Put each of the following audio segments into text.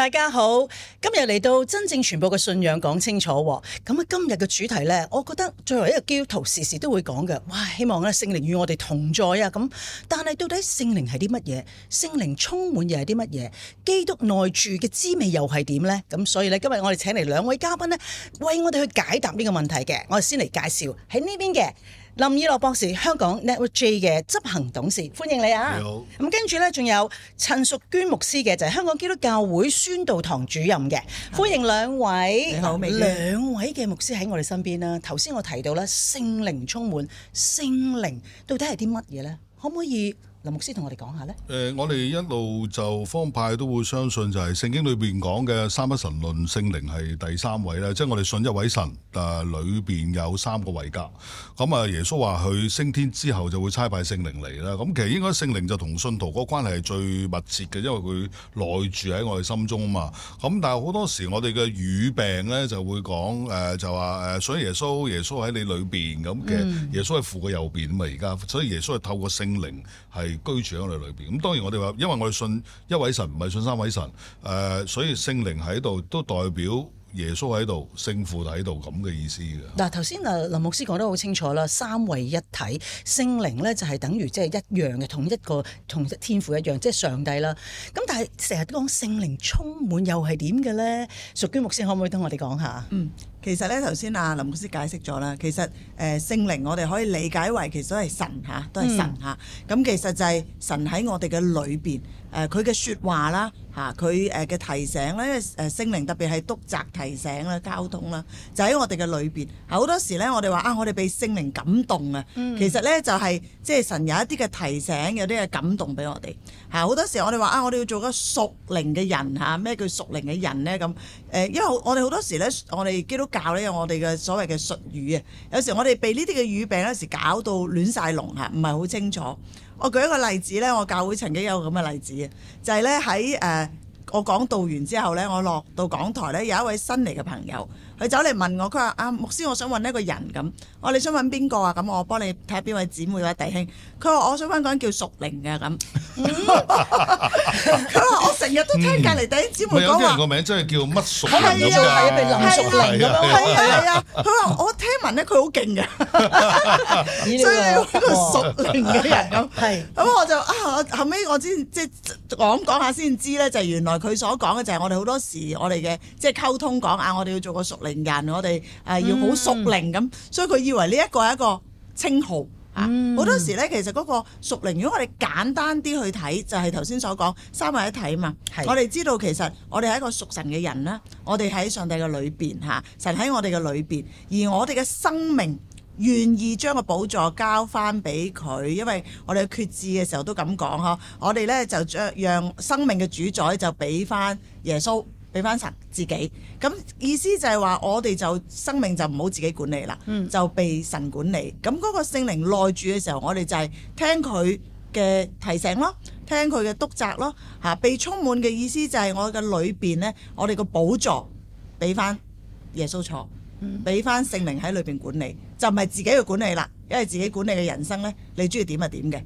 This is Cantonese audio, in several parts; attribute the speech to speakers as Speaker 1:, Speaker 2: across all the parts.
Speaker 1: 大家好，今日嚟到真証傳播嘅信仰講清楚，咁啊今日嘅主題呢，我覺得作為一個基督徒，時時都會講嘅。哇，希望咧聖靈與我哋同在啊！咁，但係到底聖靈係啲乜嘢？聖靈充滿又係啲乜嘢？基督內住嘅滋味又係點呢？咁所以呢，今日我哋請嚟兩位嘉賓呢，為我哋去解答呢個問題嘅。我哋先嚟介紹喺呢邊嘅。林以諾博士，香港 Network J 嘅執行董事，歡迎你啊！你好。咁跟住呢，仲有陳淑娟牧師嘅，就係香港基督教會宣道堂主任嘅，歡迎兩位。你好，美娟。兩位嘅牧師喺我哋身邊啦。頭先我提到咧，聖靈充滿，聖靈到底係啲乜嘢呢？可唔可以？林牧師
Speaker 2: 說說，同我哋講下咧。誒，我哋一路就方派都會相信就係聖經裏邊講嘅三一神論，聖靈係第三位咧。即係我哋信一位神，但係裏邊有三個位格。咁、嗯、啊，耶穌話佢升天之後就會差派聖靈嚟啦。咁、嗯、其實應該聖靈就同信徒個關係係最密切嘅，因為佢內住喺我哋心中啊嘛。咁、嗯、但係好多時我哋嘅語病咧就會講誒、呃，就話誒、啊，所以耶穌耶穌喺你裏邊咁嘅，耶穌係父嘅右邊嘛，而家，所以耶穌係透過聖靈係。居住喺我哋裏邊，咁當然我哋話，因為我哋信一位神，唔係信三位神。誒、呃，所以聖靈喺度都代表。耶穌喺度，聖父喺度，咁嘅意思嘅。
Speaker 1: 嗱、啊，頭先啊林牧師講得好清楚啦，三位一體，聖靈咧就係、是、等於即係一樣嘅，同一個同天父一樣，即、就、係、是、上帝啦。咁但係成日都講聖靈充滿又係點嘅咧？淑娟牧師可唔可以同我哋講下？嗯，其實咧
Speaker 3: 頭先啊林牧師解釋咗啦，其實誒聖靈我哋可以理解為其實都係神嚇，都係神嚇。咁、嗯、其實就係神喺我哋嘅裏邊。誒佢嘅說話啦，嚇佢誒嘅提醒啦，因為誒聖靈特別係督責提醒啦、交通啦、啊，就喺我哋嘅裏邊。好多時咧，我哋話啊，我哋被聖靈感動啊，其實咧就係、是、即係神有一啲嘅提醒，有啲嘅感動俾我哋。嚇、啊、好多時我哋話啊，我哋要做個屬靈嘅人嚇，咩、啊、叫屬靈嘅人咧咁？誒、啊，因為我哋好多時咧，我哋基督教咧有我哋嘅所謂嘅術語啊，有時我哋被呢啲嘅語病有時搞到亂晒龍嚇，唔係好清楚。我舉一個例子咧，我教會曾經有個咁嘅例子，就係咧喺誒我講道完之後咧，我落到講台咧，有一位新嚟嘅朋友。佢走嚟問我，佢話啊牧師，我想揾一個人咁。我哋想揾邊個啊？咁我幫你睇下邊位姊妹或者弟兄。佢話我想翻嗰叫熟玲嘅咁。佢話我成日都聽隔離弟兄姊妹講話，個
Speaker 2: 名真係叫乜熟靈咁樣嘅，係啊係啊，係啊係啊。
Speaker 3: 佢話我聽聞咧佢好勁嘅，
Speaker 1: 所以要個熟靈嘅人
Speaker 3: 咁。係咁我就啊後尾，我之前即係講講下先知咧，就原來佢所講嘅就係我哋好多時我哋嘅即係溝通講啊，我哋要做個熟靈。人，我哋誒要好屬靈咁，嗯、所以佢以為呢一個係一個稱號啊。好、嗯、多時呢，其實嗰個屬靈，如果我哋簡單啲去睇，就係頭先所講三位一體嘛。是我哋知道其實我哋係一個屬神嘅人啦，我哋喺上帝嘅裏邊吓，神喺我哋嘅裏邊，而我哋嘅生命願意將個寶座交翻俾佢，因為我哋決志嘅時候都咁講嗬，我哋呢，就將讓生命嘅主宰就俾翻耶穌。俾翻神自己，咁意思就係話我哋就生命就唔好自己管理啦，嗯、就被神管理。咁嗰個聖靈內住嘅時候，我哋就係聽佢嘅提醒咯，聽佢嘅督責咯，吓、啊、被充滿嘅意思就係我嘅裏邊呢，我哋個寶座俾翻耶穌坐，俾翻聖靈喺裏邊管理，就唔係自己去管理啦，因為自己管理嘅人生呢，你中意點就點嘅。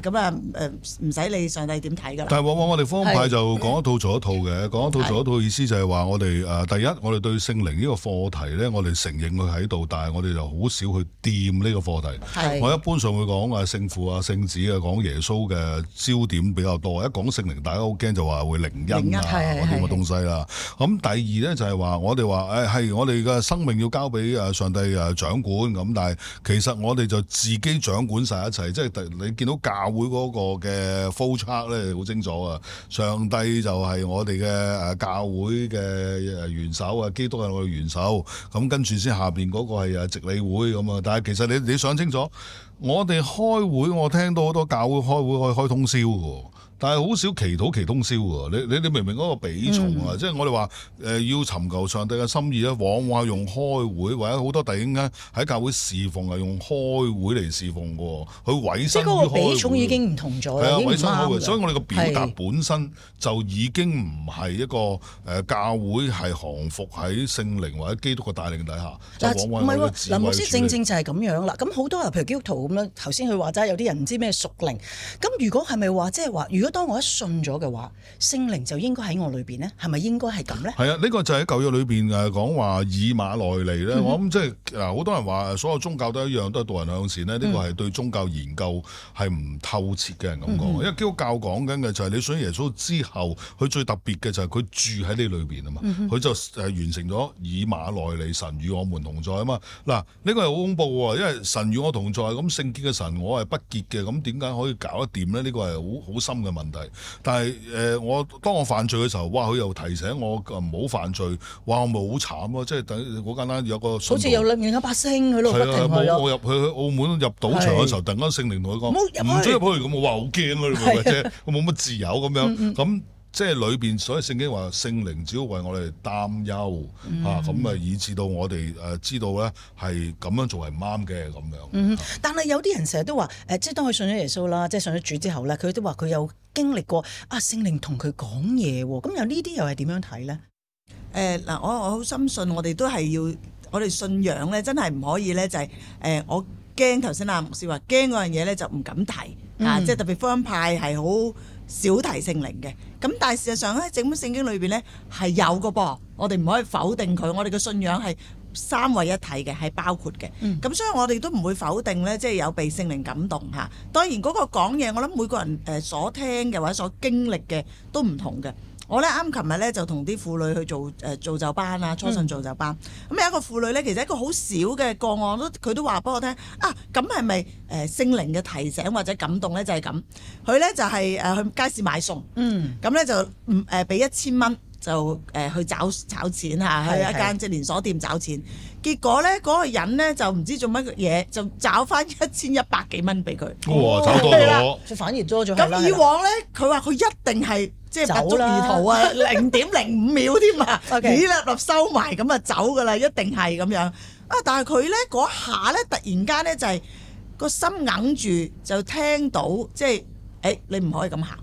Speaker 3: 咁啊，誒唔使理上帝點睇㗎啦。但係往
Speaker 2: 往我哋方派就講一套做的一套嘅，講的一套做一套。意思就係話我哋誒第一，我哋對聖靈呢個課題咧，我哋承認佢喺度，但係我哋就好少去掂呢個課題。我，我，題的我一般上會講啊聖父啊聖子啊講耶穌嘅焦點比較多。一講聖靈，大家好驚就話會靈恩恩啊嗰啲嘅東西啦、啊。咁、啊、第二咧就係話我哋話誒係我哋嘅生命要交俾誒上帝誒掌管咁，但係其實我哋就自己掌管晒一切，即、就、係、是、你見到。就是教會嗰個嘅 full chart 咧好清楚啊，上帝就係我哋嘅誒教會嘅元首啊，基督係我哋元首，咁跟住先下邊嗰個係值理會咁啊，但係其實你你想清楚。我哋開會，我聽到好多教會開會可以開通宵嘅，但係好少祈禱祈通宵嘅。你你你明唔明嗰個比重啊？嗯、即係我哋話誒要尋求上帝嘅心意咧，往往用開會或者好多第啲人喺教會侍奉係用開會嚟侍奉嘅，去委身。即係嗰個比重已
Speaker 1: 經唔同咗，啊、委身開會已經唔啱。所以我哋嘅表達
Speaker 2: 本身就已經唔係一個誒是、呃、教會係降服喺聖靈或者基督嘅帶領底下。
Speaker 1: 嗱，唔係喎，林老師正正，正就係咁樣啦。咁好多譬如基督徒。咁咧，頭先佢話齋有啲人唔知咩屬靈，咁如果係咪話即係話，如果當我一信咗嘅話，聖靈就應該喺我裏邊咧，係咪應該係咁咧？
Speaker 2: 係啊，呢、這個就喺舊約裏邊誒講話以馬內利咧。嗯、哼我諗即係嗱，好多人話所有宗教都一樣，都係導人向善咧。呢、這個係對宗教研究係唔透徹嘅人咁講，嗯、哼因為基督教講緊嘅就係、是、你信耶穌之後，佢最特別嘅就係佢住喺你裏邊啊嘛，佢、嗯、哼就誒完成咗以馬內利，神與我們同在啊嘛。嗱，呢個係好恐怖喎，因為神與我同在咁。聖潔嘅神，我係不潔嘅，咁點解可以搞得掂咧？呢、呢個係好好深嘅問題。但係誒、呃，我當我犯罪嘅時候，哇！佢又提醒我唔好犯罪，哇！我咪好慘咯、啊，即係好簡單有個。好似又
Speaker 1: 令人家八星佢咯，不停去、啊啊、我
Speaker 2: 入去澳門入賭場嘅時候，是突然間聖靈同佢講：唔好入去。唔好入去咁，我話好驚咯，或者是，我冇乜自由咁樣咁。即係裏邊，所以聖經聖經話聖靈只要為我哋擔憂啊，咁、嗯、啊，以致到我哋誒知道咧係咁樣做係唔啱嘅咁樣。
Speaker 1: 嗯、但係有啲人成日都話誒，即係當佢信咗耶穌啦，即係上咗主之後咧，佢都話佢有經歷過啊聖靈同佢講嘢喎，咁、啊、有呢啲又係點樣睇咧？誒嗱、呃，我我好深信我，我哋都係要我哋
Speaker 3: 信仰咧，真係唔可以咧，就係、是、誒、呃、我驚頭先阿牧師話驚嗰樣嘢咧，就唔敢提、嗯啊、即係特別福音派係好少提聖靈嘅。咁但係事實上咧，整本聖經裏邊咧係有嘅噃，我哋唔可以否定佢。我哋嘅信仰係三位一體嘅，係包括嘅。咁、嗯、所以我哋都唔會否定咧，即係有被聖靈感動嚇。當然嗰個講嘢，我諗每個人誒所聽嘅或者所經歷嘅都唔同嘅。我咧啱琴日咧就同啲婦女去做誒造就班啊，初信造就班。咁、嗯嗯、有一個婦女咧，其實一個好少嘅個案都，佢都話俾我聽啊，咁係咪誒聖靈嘅提醒或者感動咧？就係、是、咁，佢咧就係誒去街市買餸，咁、嗯、咧、嗯、就唔誒俾一千蚊。呃就誒去找找錢嚇，去一間即連鎖店找錢，結果咧嗰個人咧就唔知做乜嘢，就找翻一千一百幾蚊俾佢。哇！找多咗，反而多咗。咁以往咧，佢話佢一定係即係走啦，零點零五秒添啊，幾粒粒收埋咁啊走㗎啦，一定係咁樣。啊！但係佢咧嗰下咧，突然間咧就係個心硬住，就聽到即係誒你唔可以咁行。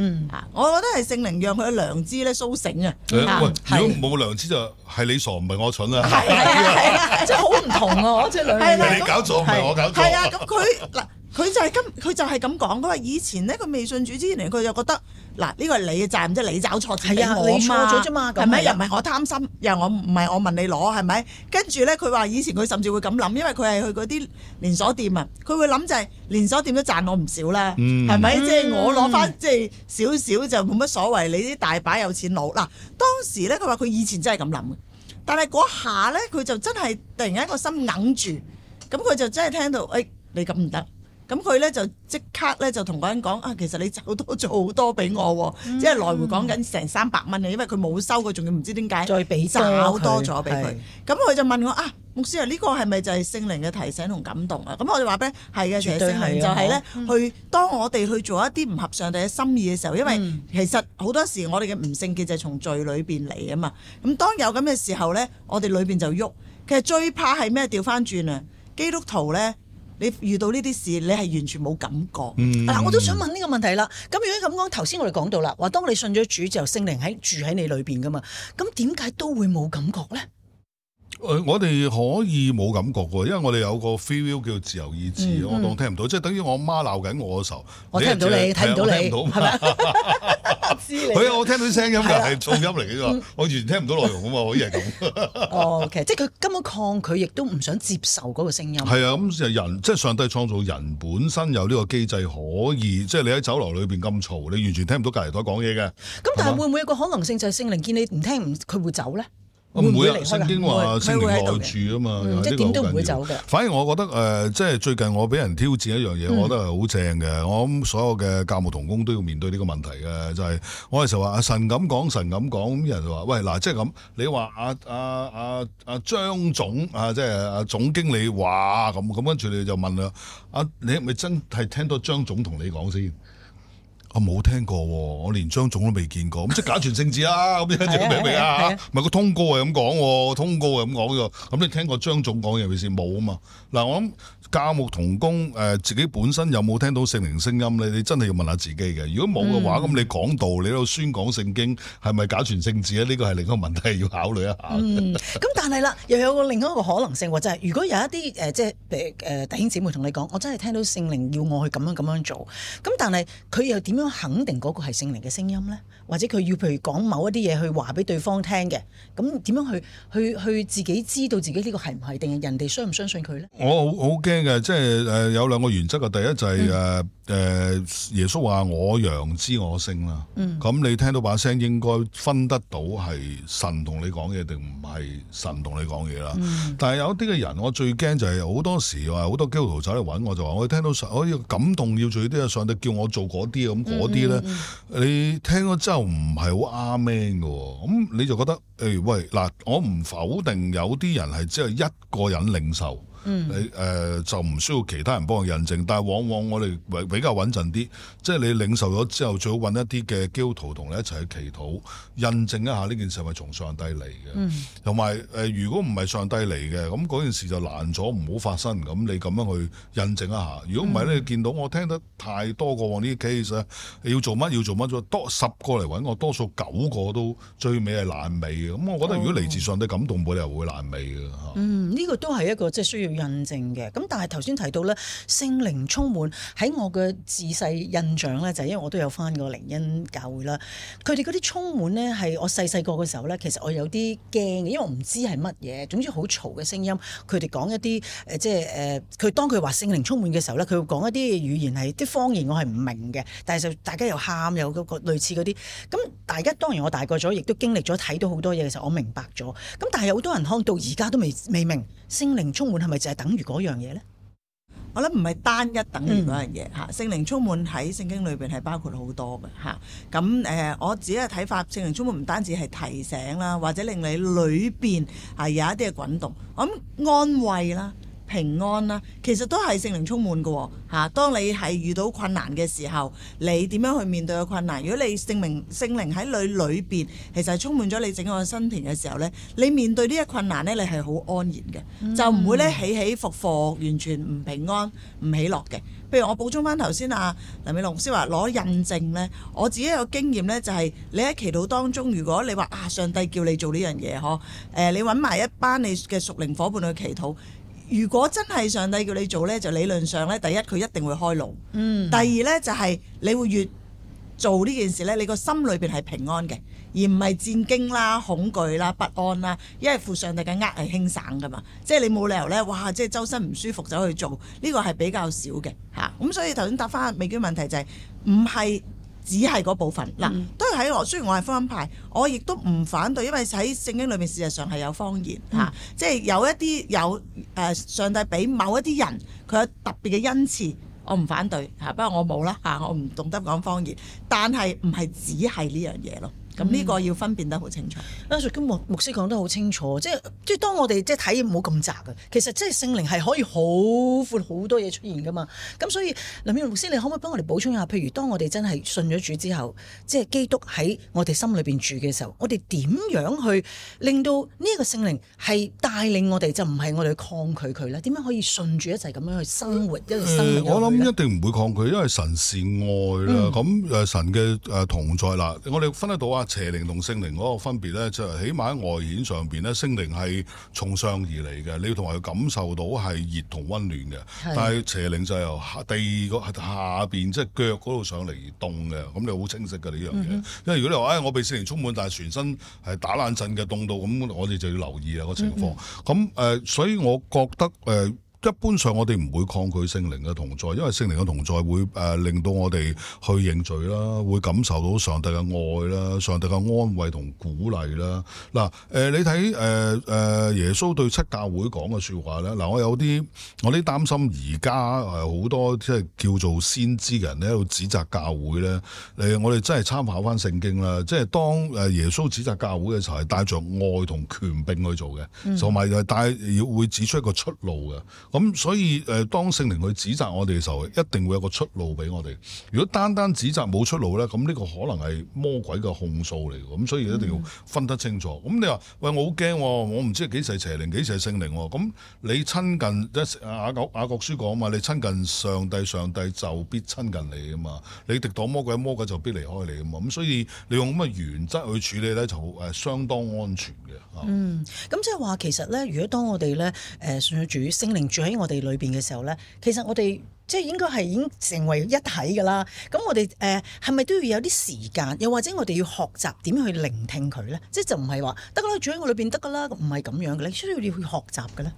Speaker 3: 嗯，我覺得係聖靈讓佢嘅良知咧甦醒啊！嗯、喂，如果
Speaker 2: 冇良知就係你傻唔係我蠢啊！係啊係啊，
Speaker 3: 即係好唔同啊！即係女，唔係你搞錯，唔係、嗯、我搞錯、啊。係啊咁佢嗱。 佢就係咁，佢就係咁講。佢話以前咧，佢未信主之前，佢就覺得嗱呢個係你嘅責任，即係你找錯錢啊，我錯咗啫嘛。係咪嗎又唔係我貪心？又我唔係我問你攞係咪？跟住咧，佢話以前佢甚至會咁諗，因為佢係去嗰啲連鎖店啊。佢會諗就係連鎖店都賺我唔少啦，係咪？即係我攞翻即係少少就冇乜所謂。你啲大把有錢佬。嗱、啊。當時咧，佢話佢以前真係咁諗，但係嗰下咧，佢就真係突然間個心硬住，咁佢就真係聽到誒、哎，你咁唔得。咁佢咧就即刻咧就同嗰人講啊，其實你走多咗好多俾我喎、啊，嗯、即係來回講緊成三百蚊嘅，因為佢冇收過，仲要唔知點解再俾找多咗俾佢。咁佢是就問我啊，牧師啊，呢、呢個係咪就係聖靈嘅提醒同感動啊？咁我哋話俾咧係嘅，其實就係咧，去、嗯、當我哋去做一啲唔合上帝嘅心意嘅時候，因為其實好多時我哋嘅唔聖潔就係從罪裏邊嚟啊嘛。咁當有咁嘅時候咧，我哋裏邊就喐。其實最怕係咩？掉翻轉啊！基督徒咧。你遇到呢啲事，你係完全冇感覺。嗱、嗯，我都想問
Speaker 1: 呢個問題啦。咁如果咁講，頭先我哋講到啦，話當你信咗主之後，聖靈喺住喺你裏邊噶嘛，咁點解都會冇感覺咧？
Speaker 2: 我哋可以冇感覺嘅，因為我哋有個 feel 叫自由意志，我當聽唔到，即係等於我媽鬧緊我嘅時候，我聽唔到你，睇唔到你，係咪？佢啊，我聽到啲聲音㗎，係噪音嚟嘅，我完全聽唔到內容啊嘛，可以係咁。
Speaker 1: 哦，其實即係佢根本抗拒，亦都唔想接受嗰個聲音。係啊，咁
Speaker 2: 就人即係上帝創造人本身有呢個機制，可以即係你喺酒樓裏邊咁嘈，你完全聽唔到隔離台講嘢嘅。
Speaker 1: 咁但係會唔會有個可能性就係聖靈見你唔聽，佢會走咧？唔會啊！聖經話聖靈內
Speaker 2: 住啊嘛，即係點都唔會走嘅。反而我覺得誒，即、呃、係最近我俾人挑戰一樣嘢，嗯、我覺得係好正嘅。我諗所有嘅教牧同工都要面對呢個問題嘅，就係、是、我係成日話神咁講，神咁講，啲人就話喂，嗱，即係咁你話阿阿阿阿張總啊，即係阿、啊、總經理話咁咁，跟住你就問啦，阿、啊、你係咪真係聽到張總同你講先？我冇聽過，我連張總都未見過。即係假傳聖旨啦，咁樣明唔明啊？唔係個通告係咁講，通告係咁講嘅。咁你聽過張總講嘅意思冇啊嘛？嗱，我諗教牧同工誒、呃，自己本身有冇聽到聖靈聲音？你你真係要問下自己嘅。如果冇嘅話，咁、嗯、你講道，你喺度宣講聖經，係咪假傳聖旨咧？呢個係另一個問題要考慮一下。
Speaker 1: 咁、嗯、但係啦，又有個另一個可能性，就係如果有一啲誒、呃，即係誒、呃、弟兄姊妹同你講，我真係聽到聖靈要我去咁樣咁樣做。咁但係佢又點？點樣肯定嗰個係聖靈嘅聲音咧？或者佢要譬如講某一啲嘢，去話俾對方聽嘅，咁點樣去去去自己知道自己呢個係唔係，定係人哋相唔相信佢咧？
Speaker 2: 我好驚嘅，即係誒、呃、有兩個原則啊。第一就係誒誒，耶穌話我羊知我聲，啦。咁、嗯、你聽到把聲應該分得到係神同你講嘢，定唔係神同你講嘢啦？嗯、但係有啲嘅人，我最驚就係、是、好多時話好多基督徒走嚟搵我就話我聽到上，我要感動要做啲啊，上帝叫我做嗰啲咁。嗰啲咧，你聽咗之後唔係好啱 man 嘅，咁你就覺得，誒喂，嗱、嗯，我唔否定有啲人係只係一個人領受。 你誒、呃、就唔需要其他人幫我印證，但係往往我哋比比較穩陣啲，即係你領受咗之後，最好揾一啲嘅基督徒同你一齊去祈禱，印證一下呢件事係咪從上帝嚟
Speaker 1: 嘅。
Speaker 2: 同埋誒，如果唔係上帝嚟嘅，咁嗰件事就難咗，唔好發生咁。你咁樣去印證一下。如果唔係你見到我聽得太多過往呢啲 case、嗯、要做乜要做乜多十個嚟揾我，多數九個都最尾係爛尾嘅。咁、嗯、我覺得如果嚟自上帝感動我，你又會爛尾
Speaker 1: 嘅呢個都係一個即係需要。印證嘅，咁但係頭先提到咧，聖靈充滿喺我嘅自細印象咧，就係、是、因為我都有翻個靈恩教會啦。佢哋嗰啲充滿咧，係我細細個嘅時候咧，其實我有啲驚嘅，因為我唔知係乜嘢。總之好嘈嘅聲音，佢哋講一啲誒，即係誒，佢當佢話聖靈充滿嘅時候咧，佢會講一啲語言係啲方言，我係唔明嘅。但係就大家又喊又嗰個類似嗰啲。咁大家當然我大個咗，亦都經歷咗睇到好多嘢嘅時候，我明白咗。咁但係有好多人可到而家都未未明。聖靈充滿係咪就係等於嗰樣嘢呢？我諗唔係單一等於嗰樣嘢嚇。聖
Speaker 3: 靈、嗯啊、充滿喺聖經裏邊係包括好多嘅嚇。咁、啊、誒、啊，我自己嘅睇法，聖靈充滿唔單止係提醒啦，或者令你裏邊係有一啲嘅滾動，我諗安慰啦。平安啦，其實都係聖靈充滿嘅嚇。當你係遇到困難嘅時候，你點樣去面對個困難？如果你聖明聖靈喺你裏邊，其實係充滿咗你整個身體嘅時候呢，你面對呢一困難、嗯、呢，你係好安然嘅，就唔會呢起起伏伏，完全唔平安唔喜樂嘅。譬如我補充翻頭先啊，林美龍師話攞印證呢，我自己有經驗呢，就係、是、你喺祈禱當中，如果你話啊，上帝叫你做呢樣嘢，嗬，誒，你揾埋一班你嘅屬靈伙伴去祈禱。如果真係上帝叫你做呢，就理論上呢，第一佢一定會開路，嗯，第二呢，就係、是、你會越做呢件事呢，你個心裏邊係平安嘅，而唔係戰驚啦、恐懼啦、不安啦。因為負上帝嘅軛係輕省㗎嘛，即係你冇理由呢，哇！即係周身唔舒服就去做，呢、這個係比較少嘅嚇。咁、啊、所以頭先答返美娟問題就係唔係。只係嗰部分嗱，嗯、都喺我。雖然我係福音派，我亦都唔反對，因為喺聖經裏面事實上係有方言嚇、嗯啊，即係有一啲有誒上帝俾某一啲人佢有特別嘅恩賜，我唔反對嚇、啊。不過我冇啦嚇，我唔懂得講方言，但係唔係只係呢樣嘢咯。咁呢個要
Speaker 1: 分辨得好清楚。阿淑娟牧牧師講得好清楚，即係即係當我哋即係睇冇咁窄嘅，其實即係聖靈係可以好闊好多嘢出現噶嘛。咁所以林以諾牧師，你可唔可以幫我哋補充一下？譬如當我哋真係信咗主之後，即係基督喺我哋心裏邊住嘅時候，我哋點樣去令到呢個聖靈係帶領我哋，就唔係我哋抗拒佢咧？點樣可以順住一齊咁樣去生活，一路生活？我諗
Speaker 2: 一定唔會抗拒，因為神是愛啦。咁誒神嘅誒同在啦，我哋分得到啊。邪靈同聖靈嗰個分別咧，就係、起碼喺外顯上邊咧，聖靈係從上而嚟嘅，你要同佢感受到係熱同温暖嘅。的但係邪靈就由地下邊，即、就、係、是、腳嗰度上嚟而凍嘅，咁你好清晰㗎呢樣嘢。嗯、因為如果你話唉、哎，我被聖靈充滿，但係全身係打冷震嘅，凍到咁，我哋就要留意啊、那個情況。咁誒、嗯呃，所以我覺得誒。呃一般上我哋唔會抗拒聖靈嘅同在，因為聖靈嘅同在會誒、呃、令到我哋去認罪啦，會感受到上帝嘅愛啦，上帝嘅安慰同鼓勵啦。嗱、呃、誒、呃，你睇誒誒耶穌對七教會講嘅説話咧，嗱、呃、我有啲我啲擔心，而家誒好多即係叫做先知嘅人喺度指責教會咧。誒、呃、我哋真係參考返聖經啦，即係當誒耶穌指責教會嘅時候係帶着愛同權柄去做嘅，同埋係帶要會指出一個出路嘅。咁、嗯、所以誒，當聖靈去指責我哋嘅時候，一定會有個出路俾我哋。如果單單指責冇出路咧，咁呢個可能係魔鬼嘅控訴嚟嘅。咁所以一定要分得清楚。咁、嗯嗯、你話：喂，我好驚、啊，我唔知係幾時邪靈，幾時係聖靈、啊。咁、嗯、你親近即係雅各雅各書講啊嘛，你親近上帝，上帝就必親近你啊嘛。你敵擋魔鬼，魔鬼就必離開你啊嘛。咁、嗯、所以你用咁嘅原則去處理咧，
Speaker 1: 就誒相當安全嘅。嗯，咁即係話其實咧，如果當我哋咧誒順住。呃、著著聖住喺我哋裏邊嘅時候咧，其實我哋即係應該係已經成為一體噶啦。咁我哋誒係咪都要有啲時間？又或者我哋要學習點樣去聆聽佢咧？即係就唔係話得噶啦，住喺我裏邊得噶啦？唔係咁樣嘅，你需要要去學習嘅咧。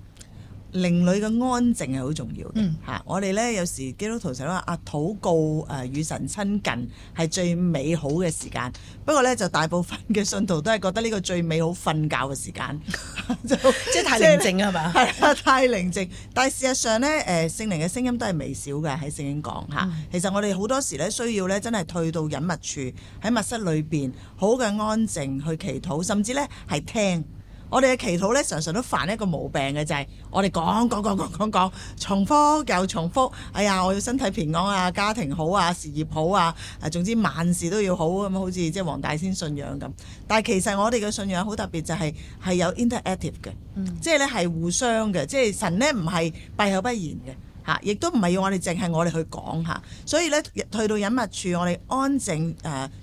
Speaker 3: 靈裏嘅安靜係好重要嘅嚇，嗯、我哋咧有時基督徒成日都話啊，禱告誒與神親近係最美好嘅時間。不過咧就大部分嘅信徒都係覺得呢個最美好瞓覺嘅時間， 即係太寧靜係嘛？係啊， 太寧靜。但係事實上咧誒，聖靈嘅聲音都係微小嘅，喺聖經講嚇。嗯、其實我哋好多時咧需要咧真係退到隱密處，喺密室裏邊好嘅安靜去祈禱，甚至咧係聽。我哋嘅祈禱咧，常常都犯一個毛病嘅就係、是，我哋講講講講講講，重複又重複。哎呀，我要身體平安啊，家庭好啊，事業好啊，誒，總之萬事都要好咁，好似即係黃大仙信仰咁。但係其實我哋嘅信仰好特別、就是，就係係有 interactive 嘅、嗯，即係咧係互相嘅，即係神咧唔係閉口不言嘅嚇，亦都唔係要我哋淨係我哋去講嚇。所以咧，去到隱密處，我哋安靜誒，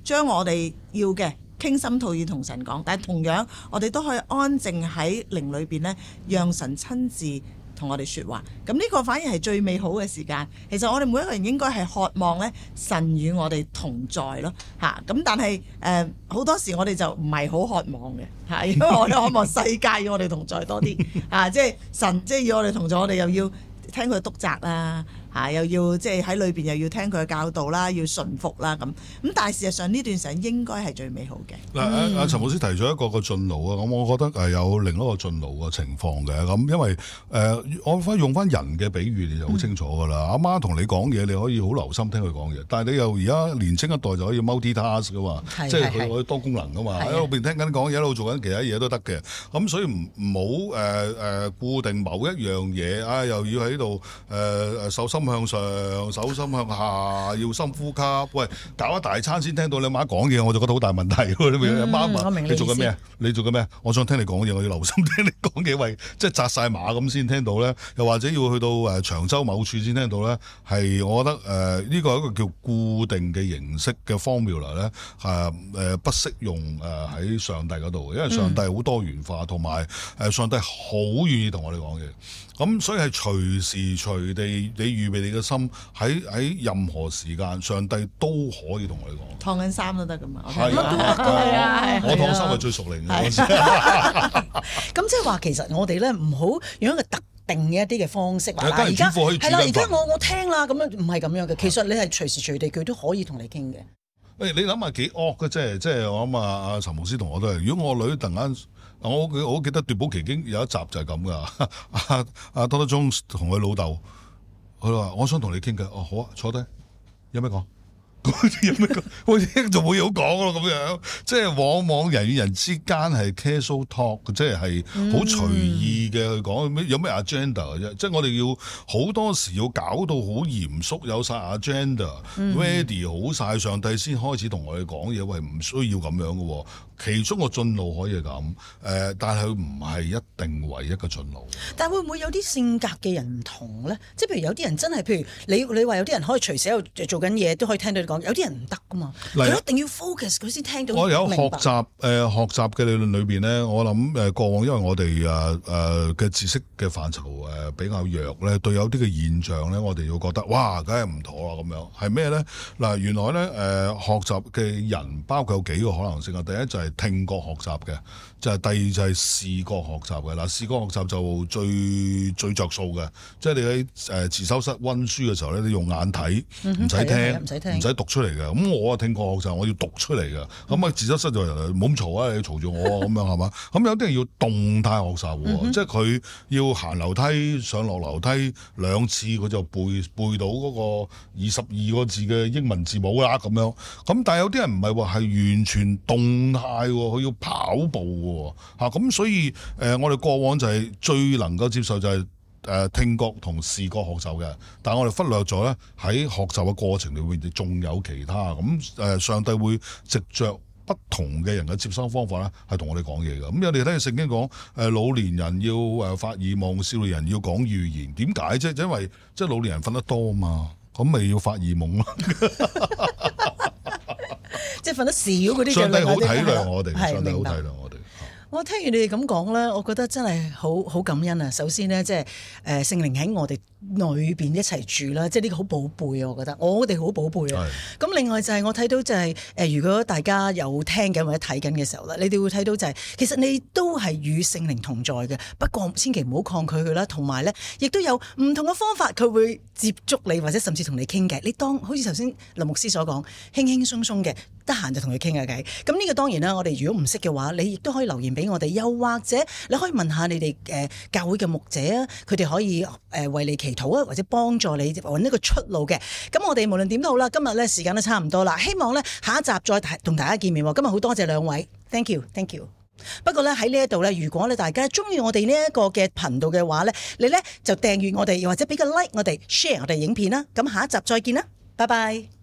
Speaker 3: 將、呃、我哋要嘅。傾心吐意同神講，但係同樣我哋都可以安靜喺靈裏邊咧，讓神親自同我哋說話。咁、這、呢個反而係最美好嘅時間。其實我哋每一個人應該係渴望咧，神與我哋同在咯，嚇。咁但係誒好多時我哋就唔係好渴望嘅，嚇，因為我哋渴望世界與我哋同在多啲，嚇、 啊，即係神即係要我哋同在，我哋又要聽佢督責啊。啊、又要即係喺裏邊，又要聽佢嘅教導啦，要順服啦，咁咁，但係事實上呢段時間應該係最美好嘅。阿
Speaker 2: 陳、嗯、老師提咗一個個進路啊，咁我覺得誒有另一個進路嘅情況嘅咁，因為誒、呃、我翻用翻人嘅比喻，你就好清楚噶啦。阿媽同你講嘢，akes, 你可以好留心聽佢講嘢，但係你又而家年青一代就可以 multi task 㗎嘛。對對對，即係佢可以多功能㗎嘛，喺度邊聽緊講嘢，一路做緊其他嘢都得嘅。咁所以唔好誒誒固定某一樣嘢啊，又要喺度誒誒受心。呃向上，手心向下，要深呼吸。喂，搞一大餐先聽到你阿媽講嘢，我就覺得好大問題，你做緊咩啊？你做緊咩？我想聽你講嘢，我要留心聽你講幾位，即係扎晒馬咁先聽到咧。又或者要去到誒長洲某處先聽到咧。係我覺得誒呢、呃這個係一個叫固定嘅形式嘅 formula 咧、呃，係、呃、誒不適用誒喺上帝嗰度，因為上帝好多元化，同埋誒上帝好願意同我哋講嘢。咁、嗯、所以係隨時隨地你預備。你哋嘅心喺喺任何時間，上帝都可以同佢哋講。
Speaker 1: 熨緊衫都得噶嘛？係啊，我熨衫係最熟練嘅。咁即係話，其實我哋咧唔好用一個特定嘅一啲嘅方式。而家係啦，而家我我聽啦，咁樣唔係咁樣嘅。其實你係隨時隨地佢都可以同你傾嘅。
Speaker 2: 誒，你諗下幾惡嘅？即係即係我諗啊，阿陳牧師同我都係。如果我女突然間，我我我記得《奪寶奇兵》有一集就係咁噶，阿阿多多中同佢老豆。佢話： 我想同你傾偈。哦，好啊，坐低。有咩講？ 有咩講？喂，就冇嘢好講咯。咁樣，即係往往人與人之間係 casual talk，即係係好隨意嘅去講。有咩 agenda 啫？即係我哋要好多時要搞到好嚴肅，有晒 agenda，ready、嗯、好晒。上帝先開始同我哋講嘢。喂，唔需要咁樣嘅、哦。其中個進路可以係咁誒、呃，但係佢唔係一定唯一嘅進路。
Speaker 1: 但係會唔會有啲性格嘅人唔同咧？即係譬如有啲人真係，譬如你你話有啲人可以隨時喺度做緊嘢，都可以聽到你講。有啲人唔得噶嘛，佢是一定要 focus 佢先聽到。我有學習
Speaker 2: 誒白、呃、學習嘅理論裏邊咧，我諗誒過往因為我哋誒誒嘅知識嘅範疇誒比較弱咧，對有啲嘅現象咧，我哋會覺得哇，梗係唔妥啦咁樣。係咩咧？嗱、呃，原來咧誒、呃、學習嘅人包括有幾個可能性啊。第一就係、是聽覺學習嘅，就係第二就係視覺學習嘅嗱。視覺學習就最最着數嘅，即係你喺誒、呃、自修室温書嘅時候咧，你用眼睇，唔使、嗯、哼聽，唔使聽，唔使讀出嚟嘅。咁我啊聽覺學習，我要讀出嚟嘅。咁啊、嗯、自修室就冇咁嘈啊，你嘈住我咁 樣係嘛？咁有啲人要動態學習嘅，嗯、哼即係佢要行樓梯上落樓梯兩次，佢就背背到嗰個二十二個字嘅英文字母啦咁樣。咁但係有啲人唔係話係完全動態。係，佢要跑步喎嚇，咁所以誒，我哋過往就係最能夠接受就係誒聽覺同視覺學習嘅，但係我哋忽略咗咧，喺學習嘅過程裏面，仲有其他。咁誒上帝會藉着不同嘅人嘅接收方法咧，係同我哋講嘢嘅。咁有啲人聽聖經講誒，老年人要誒發異夢，少年人要講預言，點解啫？因為即係老年人瞓得多啊嘛，咁咪要發異夢咯。
Speaker 1: 即係瞓得少嗰啲嘅女仔，上帝好體諒我哋，吧是上帝好體諒我哋。我聽完你哋咁講咧，我覺得真係好好感恩啊！首先咧，即係誒聖靈喺我哋。裏邊一齊住啦，即係呢個好寶貝啊！我覺得我哋好寶貝啊。咁另外就係我睇到就係誒，如果大家有聽緊或者睇緊嘅時候啦，你哋會睇到就係其實你都係與聖靈同在嘅，不過千祈唔好抗拒佢啦。同埋咧，亦都有唔同嘅方法，佢會接觸你或者甚至同你傾偈。你當好似頭先林牧師所講，輕輕鬆鬆嘅，得閒就同佢傾下偈。咁呢個當然啦，我哋如果唔識嘅話，你亦都可以留言俾我哋，又或者你可以問下你哋誒教會嘅牧者啊，佢哋可以誒為你祈。啊，或者幫助你揾呢個出路嘅。咁我哋無論點都好啦，今日呢時間都差唔多啦。希望呢下一集再同大家見面。今日好多謝兩位，thank you，thank you。You. 不過呢，喺呢一度呢，如果呢大家中意我哋呢一個嘅頻道嘅話呢，你呢就訂閱我哋，又或者俾個 like 我哋，share 我哋影片啦。咁下一集再見啦，拜拜。